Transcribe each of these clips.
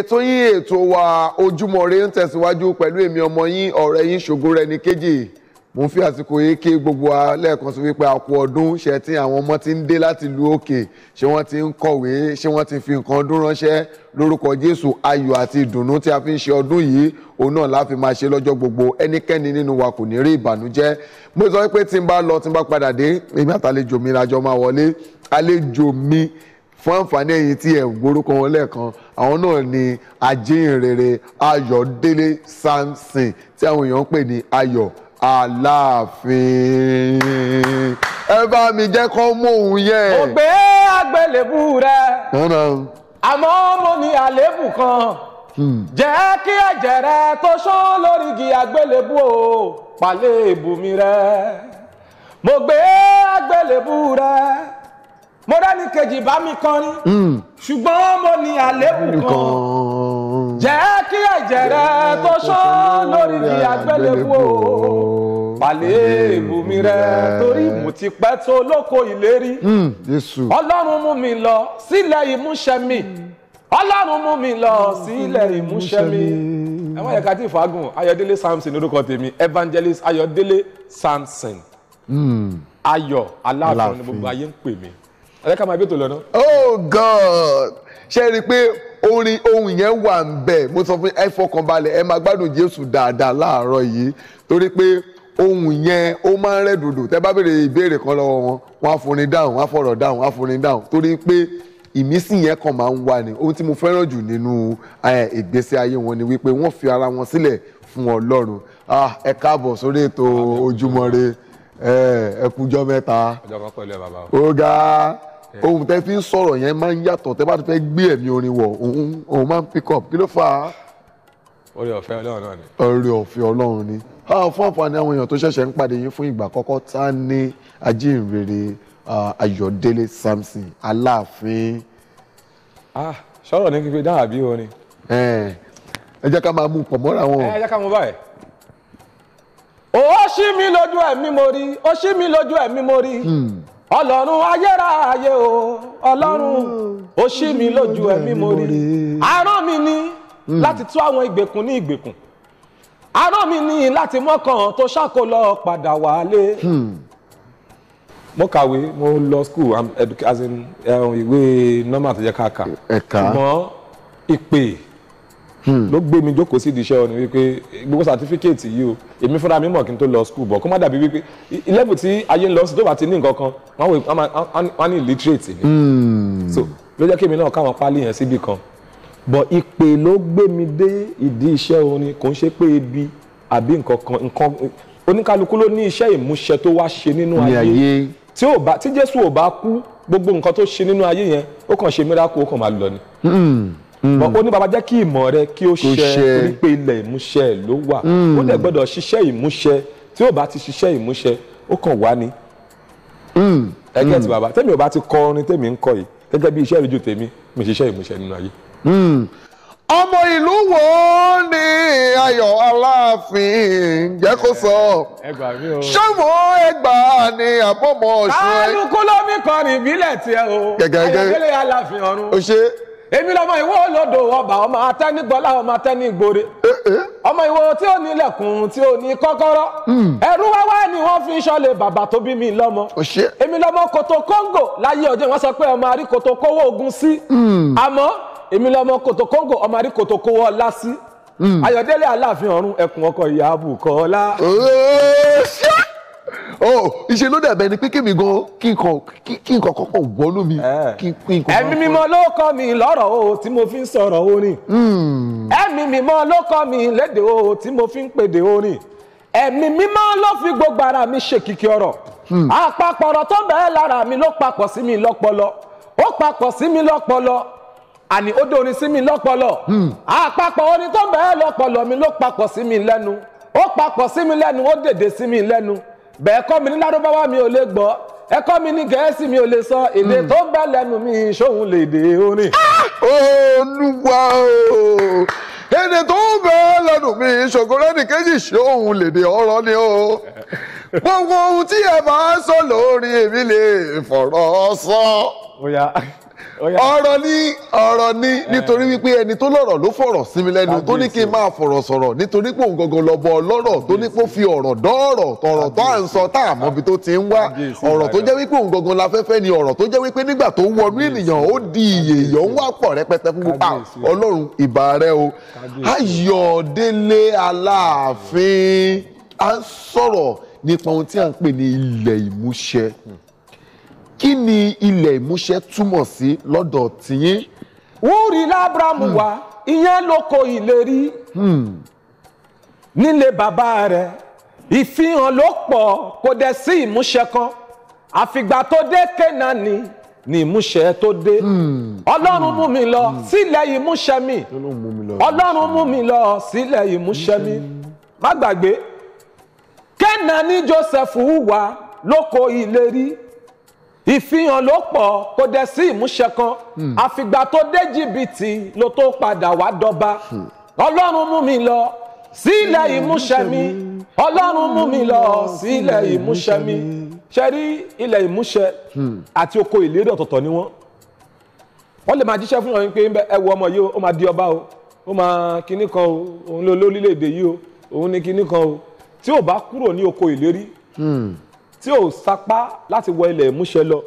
ètò yín ètò wa ojúmọ́ ire ń tẹ̀síwájú pẹ̀lú èmi ọmọ yín ọ̀rẹ́ yín Ṣògorẹ̀níkejì mo ń fi àsìkò yìí kí gbogbo wa lẹ́ẹ̀kan sí wípé àkú ọdún ṣe tí àwọn ọmọ ti ń dé láti ìlú òkè ṣé wọ́n ti ń kọ̀wé ṣé wọ́n ti fi nǹkan ọdún ránṣẹ́ lórúkọ Jésù ayọ̀ àti ìdùnnú tí a fi ń ṣe ọdún yìí òun náà la máa ṣe lọ́jọ́ gbogbo ẹnikẹ́ni nínú wa kò ní rí ìbànújẹ́ mo sọ pé tí n bá lọ tí n bá padà dé èmi àtàlejò mi la jọ máa wọlé àlejò mi fún àǹfààní ẹ̀yin tí ẹ gborúkọ wọn lẹ́ẹ̀kan àwọn náà ni ajínrere ayọ̀délé samson tí àwọn èèyàn ń pè ní ayọ̀ aláàfin ẹ bá mi jẹ́ kó mọ̀ òun yẹ. ògbé àgbélébù rẹ àmọ́ mo ní àléébù kan hmm. jẹ́ kí ẹ̀jẹ̀ rẹ tó ṣán lórí igi o pàlẹ́ ìbùmí rẹ mo gbé àgbélébù rẹ mo rẹ́ni kejì bá mi kan ní hmm. ṣùgbọ́n mo ní àléébù kan jẹ́ kí ẹ̀jẹ̀ rẹ tó ṣán lórí di àgbélébù o mi rẹ torí mo ti pẹ́ tó lóko ìlérí hmm. ọlọ́run mú mi lọ sílẹ̀ ìmúṣẹ mi ọlọ́run mú mi lọ sílẹ̀ ìmúṣẹ mi ẹ má yẹ ká tí ì fagùn samson orúkọ tèmi evangelist ayọ̀délé samson hmm. ayọ̀ aláàfin ni gbogbo ayé ń pè mí ẹ máa bí ètò lọ oh god ṣe rí i pé orin ohun yẹn wà ń bẹ mo sọ fún ẹ fọkàn balẹ̀ ẹ máa gbádùn jésù dáadáa láàárọ̀ yìí torí pé ohun yẹn ó máa ń rẹ dòdò tẹ bá béèrè ìbéèrè kan lọ́wọ́ wọn wọn á forin dáhùn wọn á fọ̀rọ̀ dáhùn wọn á forin dáhùn torí pé ìmísí yẹn kàn máa ń wà ní ohun tí mo fẹ́ràn jù nínú ìgbésí ayé wọn ni wípé wọ́n fi ara wọn sílẹ̀ fún ọlọ́run ah, ẹ káàbọ̀ sórí ètò ojúmọ́ re ẹ kújọ́ mẹ́ta ọ̀gá. Eh. ohun tẹ fi ń sọ̀rọ̀ yẹn máa ń yàtọ̀ tẹ bá ti fẹ́ gbé ẹ̀mí orin wọ̀ òun òun máa ń pick up kí ló fà á. orí ọ̀fẹ́ ọlọ́run náà ni. orí ọ̀fẹ́ ọlọ́run ni fún àǹfààní àwọn èèyàn tó ṣẹ̀ṣẹ̀ ń pàdé yín fún ìgbà àkọ́kọ́ ta ní ajínrere Ayọ̀délé Samson Aláàfin. Ah, sọ̀rọ̀ ní kíkẹ́ dáhà bí orin. ẹ jẹ́ ká máa mú pọ̀ mọ́ra wọn. ẹ jẹ́ ká mú báyìí ó ṣí mi lójú ẹ̀mí mo rí ó ṣí mi lójú ẹ̀mí mo rí hmm ọlọ́run ayérayé o ọlọ́run ó ṣí mi lójú ẹ̀mí mo rí arán mi ní láti tú àwọn ìgbèkùn ní ìgbèkùn arán mi ní láti mọ́kàn tó ṣàkólọ padà wálé mo kàwé mo lọ school as in um, ìwé nọ́mbà tó jẹ́ káàkà ṣùgbọ́n ìpè ló gbé mi jókòó sí ìdíṣẹ́ ọ wípé gbogbo certificate yìí o èmi fúnra mi mọ̀ kí n tó lọ school bọ̀ kó má dàbí wípé level tí ayé ń lọ sí tó bá ti ní nǹkan kan wọ́n á ní illiterate ni hmm. so ló jẹ́ kí èmi náà káwọn pálí yẹn síbì kan but ìpè ló gbé mi dé ìdí iṣẹ́ orin kò ń ṣe pé ebi àbí nǹkan kan nǹkan oníkálukú ló ní iṣẹ́ ìmúṣẹ tó wá ṣe nínú ayé tí ò bá tí Jésù ò bá kú gbogbo nǹkan tó ṣe nínú ayé yẹn ó kàn ṣe miracle ó kàn máa lọ ni. Hmm. Mm. ó ní baba kí ìmọ̀ rẹ kí ó ṣẹ torí pé ìmúṣẹ ló wà mm. ó lè gbọ́dọ̀ ṣiṣẹ́ ìmúṣẹ tí ò bá ti ṣiṣẹ́ ìmúṣẹ ó kàn wá ni ẹgẹ́ ti baba tẹ́mi ò bá ti kọ orin tẹ́mi ń kọ yìí gẹ́gẹ́ bí iṣẹ́ ìrìnjú tèmi mi ṣiṣẹ́ ìmúṣẹ nínú ayé. Mm. ọmọ ìlú wo ni ayọ̀ aláàfin jẹ́ kó sọ ṣé wọ́n ẹgbà ni àbọ̀mọ̀ ọ̀ṣun ẹ. kálukú ló kọrin ìbílẹ̀ tiẹ̀ o ayọ̀délé aláàfin ọ̀run èmi lọmọ ìwọ olódò ọba ọmọ atẹnigbọlá ọmọ atẹnigbore eh, eh. ọmọ ìwọ tí ó ní ilẹ̀kùn tí ó ní kọ́kọ́rọ́ hmm. ẹrú wáwá ni wọ́n fi ń ṣọlẹ bàbá tó bí mi lọ́mọ èmi lọmọ kòtò kóńgò láyé ọjọ́ wọ́n sọ pé ọmọ àrí kòtò kówó ogun sí hmm. àmọ́ èmi lọmọ kòtò kóńgò ọmọ àrí kòtò kówó ọlá sí hmm. Ayọ̀délé Aláàfin ọ̀run ẹkùn ọkọ ìyá àbùkọ́lá o oh, ìṣe ló dàbẹ ni pé kémi gan kí nǹkan kí nǹkan kọ́kọ́ wọnú mi eh. kí nǹkan. ẹ̀mí mímọ́ ló kọ́ mi lọ́rọ̀ o tí mo fi ń sọ̀rọ̀ orin. Hmm. ẹ̀mí mímọ́ ló kọ́ mi lédè o tí mo fi ń pèdè orin. ẹ̀mí mímọ́ ló fi gbogbo ara mi ṣèkìkì ọ̀rọ̀. Hmm. àpapọ̀ ọ̀rọ̀ tó bẹ́ẹ̀ lára mi ló papọ̀ sí mi lọ́pọlọ ó papọ̀ sí mi lọ́pọlọ àní ó dórin sí mi lọ́pọlọ hmm. àpapọ̀ orin tó bẹ́ẹ̀ lọ́pọlọ mi ló papọ̀ sí mi lẹ́nu ó papọ̀ sí mi lẹ́nu ó dèdè sí mi lẹ́nu bẹ́ẹ̀ kọ́ mi ní lárúbáwá mi ò lè gbọ́ ẹ kọ́ mi ní gẹ̀ẹ́sì mi ò lè sọ èdè hmm. tó ń bá lẹ́nu mi ṣóhun lè dé orin. Ah! olúwa o èdè tó ń bẹ lẹ́nu mi ṣògòrò ẹnìkejì ṣóhun lè dé ọ̀rọ̀ ni o gbogbo ohun tí ẹ máa ń sọ lórí èmi lè fọ̀rọ̀ sọ ọ̀rọ̀ ni ọ̀rọ̀ ni eh. nítorí wípé ẹni tó lọ́rọ̀ ló fọ̀rọ̀ sí mi lẹ́nu tó ní kí n máa fọ̀rọ̀ sọ̀rọ̀ nítorí pé òun gangan lọ bọ ọlọ́rọ̀ tó ní kó fi ọ̀rọ̀ dọ́ọ̀rọ̀ tọ̀rọ̀ tó à ń sọ tá àmọ́ ibi tó ti ń wá ọ̀rọ̀ tó jẹ́ wípé òun gangan la fẹ́fẹ́ ni ọ̀rọ̀ tó jẹ́ wípé nígbà tó wọnú ènìyàn ó di iye èèyàn ń wá pọ̀ rẹpẹtẹ fún gbogbo ah, ọlọ́run ìbà rẹ o Ayọ̀délé Aláàfin à ń sọ̀rọ̀ nípa ohun tí à ń pè ní ilẹ̀ ìmúṣẹ kí ni ilẹ̀ ìmúṣẹ túmọ̀ sí lọ́dọ̀ tìyín. wúrí lábramu hmm. wá ìyẹn lóko ìlérí hmm. nílé bàbá rẹ̀ ìfihàn ló pọ̀ kò dẹ̀ sí ìmúṣẹ kan àfìgbà tó dé Kénáánì ni ìmúṣẹ tó dé hmm. ọlọ́run mú mi lọ sílẹ̀ ìmúṣẹ mi ọlọ́run mú mi lọ sílẹ̀ ìmúṣẹ mi má gbàgbé Kénáánì Jósẹ́fù wà lóko ìlérí ìfihàn ló pọ̀ kò dẹ̀ sí ìmúṣẹ kan hmm. àfìgbà tó dé jìbìtì ló tó padà wá dọba hmm. ọlọ́run mú mi lọ sílẹ̀ ìmúṣẹ mi ọlọ́run mú mi lọ hmm. sílẹ̀ ìmúṣẹ mi ṣe rí ilẹ̀ ìmúṣẹ àti oko ìlérí ọ̀tọ̀ọ̀tọ̀ ni wọ́n wọ́n lè máa jíṣẹ́ fún yàn pé ẹ ọmọ yìí ó máa di ọba o ó máa kinní kan o òun ló lórílẹ̀‐èdè yìí o òun ni kinní kan o tí ò bá kúrò ní oko ìlérí tí ò sapá láti wọ ilẹ̀ ìmúṣẹ lọ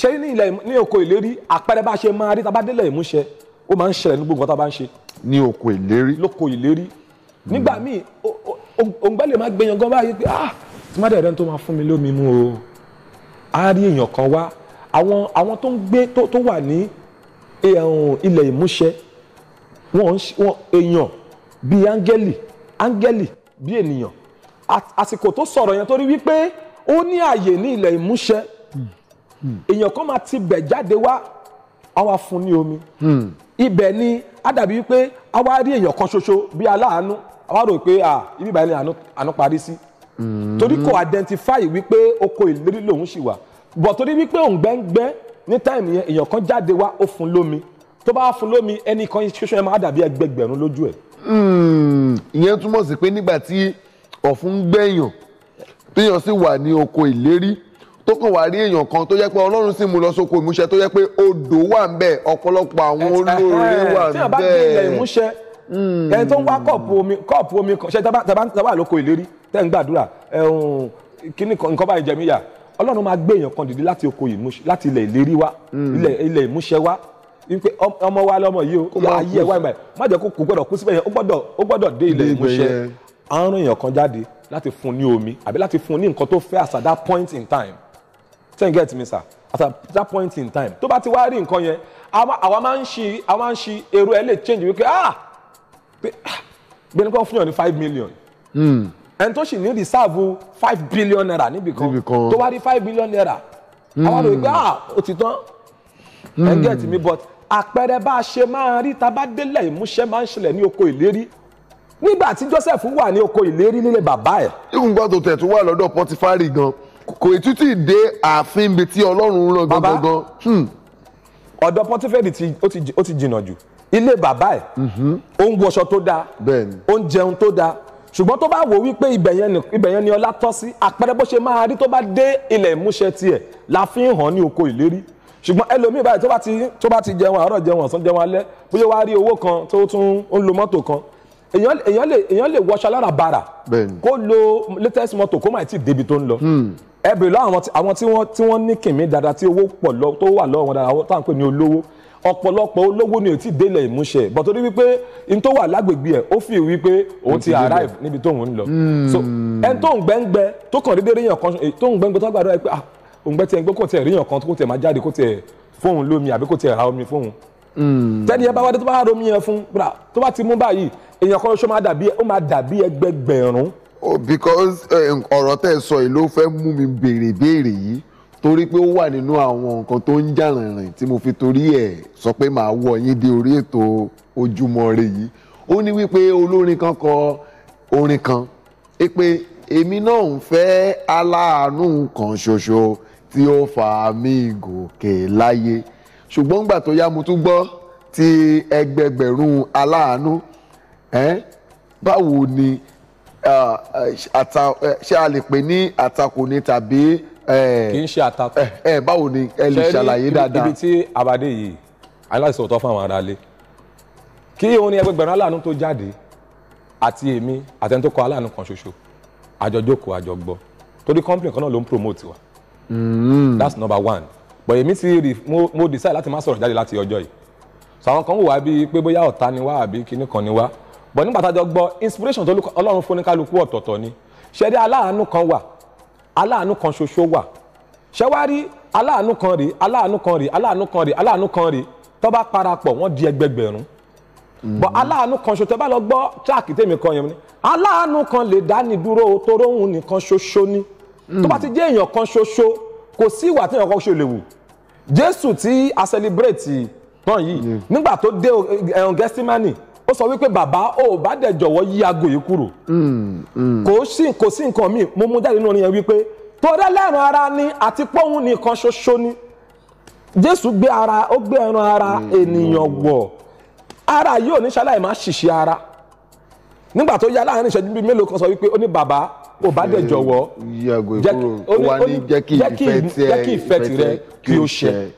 ṣe ní ilẹ̀ ní oko ìlérí àpẹẹrẹ bá ṣe máa rí tabadélẹ̀ ìmúṣẹ ó máa ń ṣẹlẹ̀ ní gbogbo tá a bá ń ṣe. ní oko ìlérí. lóko ìlérí hmm. nígbà míì òǹgbẹ́ lè má gbẹ̀yàn gan báyìí pé ah tí má dẹ̀rẹ́ tó máa fún mi lómi mu o á rí èèyàn kan wá àwọn àwọn tó ń gbé tó wà ní ilẹ̀ ìmúṣẹ wọn èèyàn bíi áńgẹ́lì áńgẹ́lì bí ènìyàn àsìkò tó sọ̀rọ̀ yẹn torí wípé ó ní àyè ní ilẹ̀ ìmúṣẹ èèyàn kan máa ti bẹ̀ jáde wá àwa fún ní omi hmm. ibẹ̀ ni á dàbí wípé àwa rí èèyàn kan ṣoṣo bí aláàánú àwa rò pé ibi ìbáyìí ni àánú parí sí hmm. torí kò identify wípé oko ìlérí lòun sì wà bọ̀ torí wípé òun gbẹ́ngbẹ́ ní táìmù yẹn èèyàn kan jáde wá ó fún lómi tó bá fún lómi ẹnì kan ṣoṣo yẹn máa dàbí ẹgbẹgbẹ̀rún lójú ẹ̀ Hmm, ìyẹn túmọ̀ sí pé nígbà tí ọ̀fun gbẹ̀yàn téèyàn sì wà ní oko ìlérí tó kàn wá rí èèyàn kan tó jẹ́ pé ọlọ́run sì mú lọ sóko ìmúṣẹ tó jẹ́ pé odò wà ń bẹ̀ ọ̀pọ̀lọpọ̀ àwọn olóore wà ń bẹ̀. tí a bá gbé ilẹ̀ ìmúṣẹ hmm. ẹni tó ń wá kọ́ọ̀pù omi kọ́ọ̀pù omi ṣe tẹ́ lóko ìlérí tẹ́ ń gbàdúrà kíní nǹkan báyìí jẹ mí yà ọlọ́run máa gbé èèyàn kan dìde láti oko ìmúṣẹ láti ilẹ̀ ìlérí wá hmm. ilẹ̀ ìmúṣẹ wá wípé ọmọ wa lọmọ yìí o ayé ẹ wá ìgbà yìí má jẹ́ kó kò gbọ́dọ̀ kú síbẹ̀ yẹn ó gbọ́dọ̀ dé ilẹ̀ ìmúṣẹ àárùn èèyàn kan jáde láti fún ní omi àbí láti fún ní nǹkan tó fẹ́ as that point in time ten get me sir at that point in time tó bá ti wá rí nǹkan yẹn àwa máa ń ṣe àwa máa ń ṣe èrò ẹ lè change wípé ah gbẹ̀ni ah! kan fún yàn ní five million hmm. ẹni tó sì ní reserve five billion naira níbì kan tó wá rí five billion naira àwa rò wípé hmm. ah ó ti tán ẹ̀ ń mi but àpẹẹrẹ bá a ṣe máa rí ta bá délẹ̀ ìmúṣẹ máa ń ṣẹlẹ̀ ní oko ìlérí nígbà tí Joseph wà ní oko ìlérí nílé bàbá ẹ̀. ìgbà tó tẹ̀ tó wà lọ́dọ̀ Pọtifari gan kò ètútì dé ààfin ibi tí Ọlọ́run rán gangan gan. Hmm. ọ̀dọ̀ Pọtifari ó ti jìnnà jù ilé bàbá ẹ̀ mhm. ó wọṣọ tó dáa ó jẹun tó dáa ṣùgbọ́n tó bá wò wípé ibẹ̀ yẹn ni ọlá tọ́ sí àpẹẹrẹ bó ṣe máa rí tó bá dé ilẹ̀ ìmúṣẹ tiẹ̀ la fi ń hàn ní oko ìlérí ṣùgbọ́n ẹlòmíì báyìí tó bá ti tó bá ti jẹun àárọ̀ jẹun ọ̀sán jẹun alẹ́ bóyá wàá rí owó kan tó tún ń lo mọ́tò kan èèyàn èèyàn lè èèyàn lè wọṣọ alára bàrà kó lo latest mọ́tò kó má ti débi tó ń lọ hmm. ẹ bèrè lọ àwọn tí wọ́n tí wọ́n ní kìmí dáadáa tí owó pọ̀ lọ tó wà lọ́wọ́ wọn dáadáa táwọn pè ní olówó ọ̀pọ̀lọpọ̀ olówó ni ò tí délẹ̀ ìmúṣẹ bọ̀ torí wípé n tó wà lágbègbè ẹ̀ ó fi wípé òun ti arrive níbi tóun ń lọ so hmm. ẹni tó ń gbẹ́ngbẹ́ tó kàn déédéé yàn kan tó ń gbẹ́ngbẹ́ tó gbàdúrà pé ah òǹgbẹ́ tiẹ̀ ń gbé kò tiẹ̀ ríyàn kan kò tiẹ̀ máa jáde kò tiẹ̀ fóun lómi àbí kò tiẹ̀ ra omi fóun. Hmm. tẹ́ni ẹ bá wá tó bá romi yẹn fún bra tó bá ti mú báyìí èèyàn kan ṣó máa dàbí ẹgbẹgbẹ̀rún. Oh, because eh, ọ̀rọ̀ tẹ́ ẹ sọ yìí ló fẹ́ mú mi béèrè béèrè yìí torí pé ó wà nínú àwọn nǹkan tó ń jà rìnrìn tí mo fi torí ẹ̀ sọ pé màá wọ yín dé orí ètò Ojúmọ́ Ire yìí ó ní wípé olórin kan kọ orin kan pé èmi náà ń fẹ́ aláàánú kan ṣoṣo tí ó fa mí gòkè láyé ṣùgbọ́n nígbà tó yá mo tún gbọ́ ti ẹgbẹgbẹ̀rún aláàánú báwo ni ṣé a lè pè ní àtakò ni tàbí kì í ṣe àtakò báwo ni ẹ lè ṣàlàyé dáadáa. ibi tí abadé yìí aláìsàn ọ̀tọ̀ fún àwọn aráalé kí òun ni ẹgbẹgbẹ̀rún aláàánú tó jáde àti èmi àtẹnudọ́kọ aláàánú kan ṣoṣo àjọjókòó àjọgbọ́ torí company kan náà ló ń promote wa mm. that's number one but èmi ti rí mo decide láti má sọ̀rọ̀ jáde láti ọjọ́ yìí so àwọn kan wò wá bíi pé bóyá ọ̀tá ni wá àbí kinní kan ni wá but nígbà tá a jọ gbọ́ inspiration tó ọlọ́run fún ní kálukú ọ̀tọ̀ọ̀tọ̀ ni ṣẹ́rí aláàánú kan wà aláàánú kan ṣoṣo wà ṣẹ́ wá rí aláàánú kan rí aláàánú kan rí aláàánú kan rí aláàánú kan rí tó bá parapọ̀ wọ́n di ẹgbẹgbẹ̀rún bọ aláàánú kan ṣoṣo tẹ bá lọ gbọ́ tíráàkì tèmi kan yẹn ni aláàánú kan lè dáni dúró toró òun nìkan ṣoṣo ni tó bá ti jẹ́ èèyàn kan ṣoṣo kò sí ìwà tí èèyàn kan ṣe lè wù jésù tí a celebrate tán yìí nígbà tó dé ẹ̀hún eh, um, gẹ́símánì ó sọ wípé bàbá ò bá dẹ̀ jọ̀wọ́ yí aago yìí kúrò mm, mm. kò sí nǹkan míì mo mú jáde nínú orin yẹn wípé torí ẹlẹ́ran ara ni àti pọ́hùn nìkan ṣoṣo ni jésù gbé ara ó gbé ẹran ara mm, ènìyàn wọ̀ ara yóò ní ṣaláì má ṣìṣe ara nígbà tó yá láàrin ìṣẹ́jú bíi mélòó kan sọ wípé ó ní bàbá ò bá dẹ̀ jọ̀wọ́ jẹ́ kí ìfẹ́ tirẹ̀ kí ó ṣẹ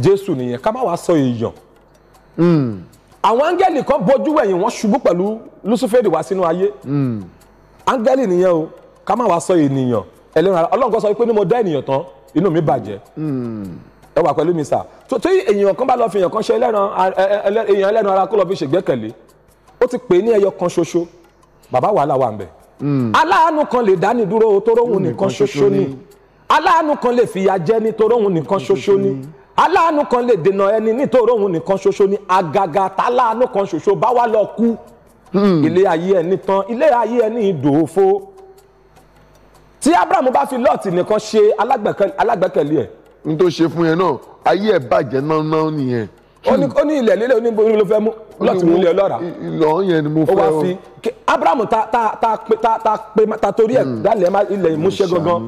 jésù nìyẹn ká má wàá sọ èèyàn hmm. àwọn áńgẹ́lì kan bojú wẹ̀yìn wọ́n ṣubú pẹ̀lú lúsúfèrè wá sínú ayé hmm. áńgẹ́lì nìyẹn o ká má wàá sọ ènìyàn ẹlẹ́ran ọlọ́run kan sọ wípé ní mo dá ènìyàn tán inú mi bàjẹ́. Hmm ẹ wà pẹ̀lú mi sà tó tí èèyàn kan bá lọ fi èèyàn kan ṣe èèyàn ẹlẹ́ran ara kó lọ fi ṣègbẹ́kẹ̀lé ó ti pè é ní ẹyọ kan ṣoṣo bàbá wàhálà wà ń bẹ̀. Hmm. aláàánú kan lè dá ní dúró toró òun nìkan ṣoṣo ni aláàánú kan lè fìyà jẹ ní toró nìkan ṣoṣo ni aláàánú kan lè dènà ẹni nítoró òun nìkan ṣoṣo ni àgàgà táláàánú kan ṣoṣo bá wà lọ kú hmm. ilé ayé ẹni tán ilé ayé ẹni ìdòfo tí Abraham bá fi lọ́ọ̀tì nìkan ṣe alágbẹ̀kẹ̀lé ẹ̀ n tó ṣe fún yẹn náà ayé ẹ̀ bàjẹ́ náà nìyẹn. ó ní ilẹ̀ lílẹ̀ oníbo ló fẹ́ mú lọ́ọ̀tì mú ilẹ̀ ọlọ́ra. ìlọ yẹn ni mo fẹ́ o. ó wá fi Abrahamu ta ta ta ta ta pe ta torí ẹ̀ hmm. dálẹ̀ ilẹ̀ ìmúṣẹ gangan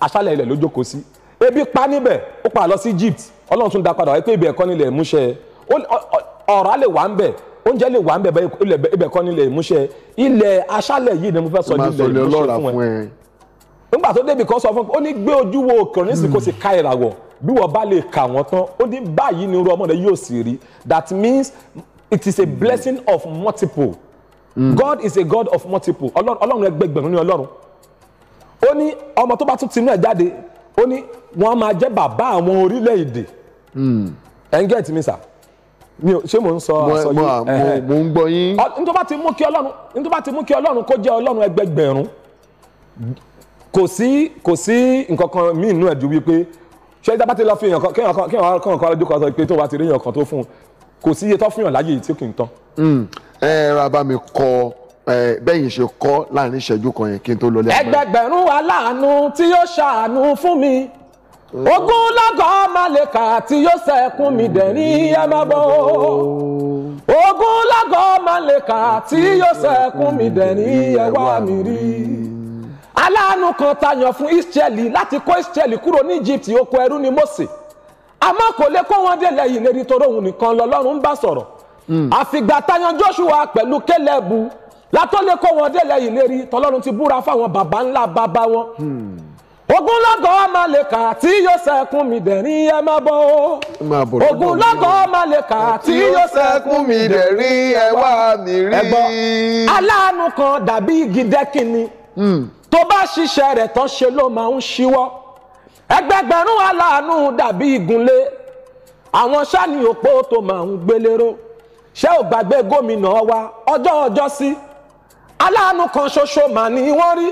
aṣálẹ̀ ilẹ̀ ló jókòó sí. ebi pa níbẹ̀ ó pa lọ sí Egypt Ọlọ́run tún da padà wáyé pé ibẹ̀ ẹ̀kọ́ nílẹ̀ ìmúṣẹ ọ̀rá lè wà ń bẹ̀ oúnjẹ lè wà ń bẹ̀ ibẹ̀ kọ́ ni ilẹ̀ ìmúṣẹ nígbà tó débi kan sọ fún un ó ní gbé ojú wo òkèrè nísìnyí kó sì ka ìràwọ̀ bí wọ́n bá lè kà wọ́n tán ó ní báyìí ni irú ọmọ rẹ yóò sì rí that means it is a blessing of multiple hmm. God is a God of multiple ọlọ́run ẹgbẹgbẹ̀rún ni ọlọ́run ó ní ọmọ tó bá tún tinú ẹ̀ jáde ó ní wọ́n máa jẹ́ bàbá àwọn orílẹ̀-èdè hmm. ẹ̀ ń gẹ̀ẹ́tì mi sà mi ò ṣé mò ń sọ àsọyé mo ń gbọ́ yín. nítorí bá ti mú kí ọlọ́run kó jẹ́ ọlọ́run ẹgbẹgbẹ̀rún kò sí kò sí nǹkan kan míì nínú ẹ̀ ju wípé ṣé tá a bá ti lọ fi èèyàn kan kéèyàn kan kéèyàn kan kan lójú kan sọ pé tó bá ti rí èèyàn kan tó fún un kò sí iye tó fún yàn láyé tí ó kì í tán. Hmm. ẹ ẹ ra bá mi kọ bẹ́yìn ṣe kọ́ láàrin ìṣẹ́jú kan yẹn kí n tó lọlé. ẹgbẹgbẹ̀rún aláàánú tí yóò ṣàánú fún mi ogún lọ́gọ́ malẹ̀ka tí yóò sẹ́kún mi dẹ̀rín ẹ má bọ̀ ogún lọ́gọ́ malẹ̀ka tí yóò sẹ́kún mi dẹ̀rín ẹ wá mi rí aláàánú kan ta yàn fún Ísírẹ́lì láti kó Ísírẹ́lì kúrò ní Egypt oko ẹrú ni Mósè àmọ́ kò lè kó wọn délẹ̀ yìí lérí torí òun nìkan lọ́lọ́run ń bá sọ̀rọ̀ hmm. àfìgbà tayan Joshua pẹ̀lú Kélébù látó lè kó wọn délẹ̀ yìí lérí tọ́lọ́run ti búra fáwọn baba ńlá baba wọn. Hmm. ogunlọ́gọ̀ amaleka tí yóò sẹ́kún mi dẹ̀rín ẹ má bọ̀ o. ogunlọ́gọ̀ amaleka tí yóò sẹ́kún mi dẹ̀rín ẹ wá mi rí. aláàánú kan dàbí igi dẹ́kìnni. Hmm tó bá ṣiṣẹ́ rẹ̀ tán ṣe ló máa ń ṣíwọ́ ẹgbẹgbẹ̀rún aláàánú dàbí igunlé àwọn sani òpó tó máa ń gbélérò ṣé ò gbàgbé gómìnà wa ọjọ́ ọjọ́ sí aláàánú kan ṣoṣo mà ní wọ́n rí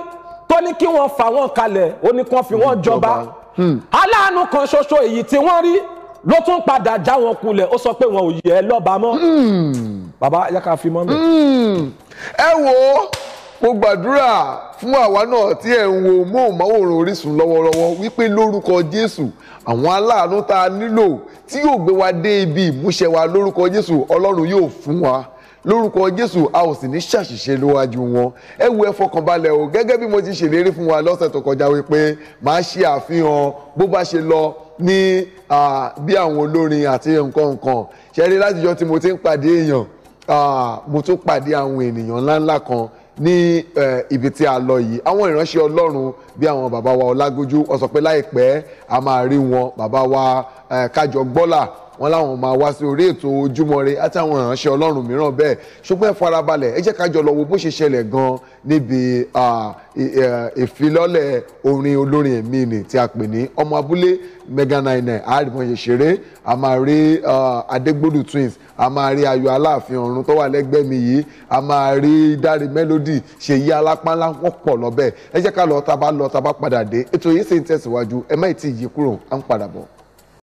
tó ní kí wọ́n fà wọ́n kalẹ̀ ó ní kí wọ́n fi wọ́n jọba hmm. aláàánú kan ṣoṣo èyí tí wọ́n rí ló tún padà já wọn kulẹ̀ ó sọ pé wọn ò yẹ ẹ lọ́ba mọ́ hmm. bàbá yàtọ̀ àfi mọ́ mi. Hmm. ẹ wo mo gbàdúrà fún àwa náà tí ẹ̀ ń wo móhùnmáwòrán Orísun lọ́wọ́lọ́wọ́ wípé lórúkọ Jésù àwọn aláàánú tá a nílò tí yóò gbé wa dé ibi ìmúṣẹ wa lórúkọ Jésù Ọlọ́run yóò fún wa lórúkọ Jésù a ò sì ní ṣàṣìṣe lówájú wọn ẹ wo ẹ fọkànbalẹ̀ o gẹ́gẹ́ bí mo ti ṣèlérí fún wa lọ́sẹ̀ tó kọjá wípé màá ṣe àfihàn bó bá ṣe lọ ní bí àwọn olórin àti nǹkan nǹkan ṣe rí látijọ́ tí mo ti ń pàdé èèyàn mo tún pàdé àwọn ènìyàn ńláńlá kan ní ibi tí a lọ yìí àwọn ìránṣẹ́ Ọlọ́run bí àwọn bàbá wa Ọlágójú ó sọ pé láìpẹ́ a máa rí wọn bàbá wa Kájọgbọ́là wọn láwọn máa wá sí orí ètò ojúmọ́ re àtàwọn ìránṣẹ́ ọlọ́run mìíràn bẹ́ẹ̀ ṣùgbọ́n ẹ farabalẹ̀ ẹ jẹ́ ká jọ lọ wo bó ṣe ṣẹlẹ̀ gan níbi ìfilọ́lẹ̀ orin olórin ẹ̀mí ni tí a pè ní ọmọ abúlé mega nine nine àárìmọ̀ yẹn ṣeré a máa rí adégbòdù twins a máa rí ayọ̀ aláàfin ọ̀run tó wà lẹ́gbẹ̀ẹ́ mi yìí a máa rí dáre melody ṣèyí alápánlá wọ́n pọ̀ lọ́bẹ̀ ẹ jẹ́ ká lọ tá a bá lọ tá a bá padà dé ètò yìí sì ń tẹ̀síwájú ẹ má ì tí ì yí kúrò à ń padà bọ̀.